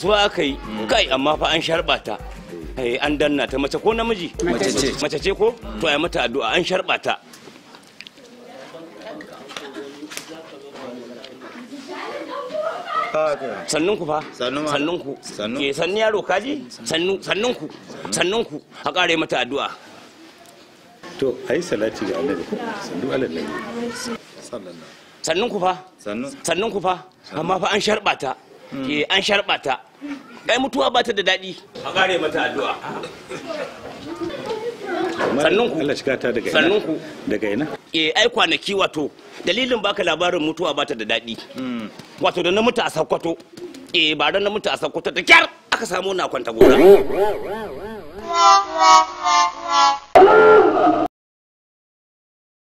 zuwa aka yi mm. kai amma fa an sharbata eh, an danna ta mace ko namiji mace ce ko to ai mata addu'a an ta sannun ku fa sannun ku ke eh, sannu yaro kaji sannun ku sannun ku a kare mata addu'a to ai salati ga annabi sannu alallahi sannun ku fa sannun ku fa amma fa an ta Eh, an ta ai mutuwa ba ta da daɗi a ƙare mata addu'a sannunku Allah shi kata daga sannunku daga ina eh ai kwanaki wato dalilin baka labarin mutuwa bata da daɗi hmm. wato da na mutu a sakkwato eh ba na mutu a sakkwato da kyar aka samu na kwanta gora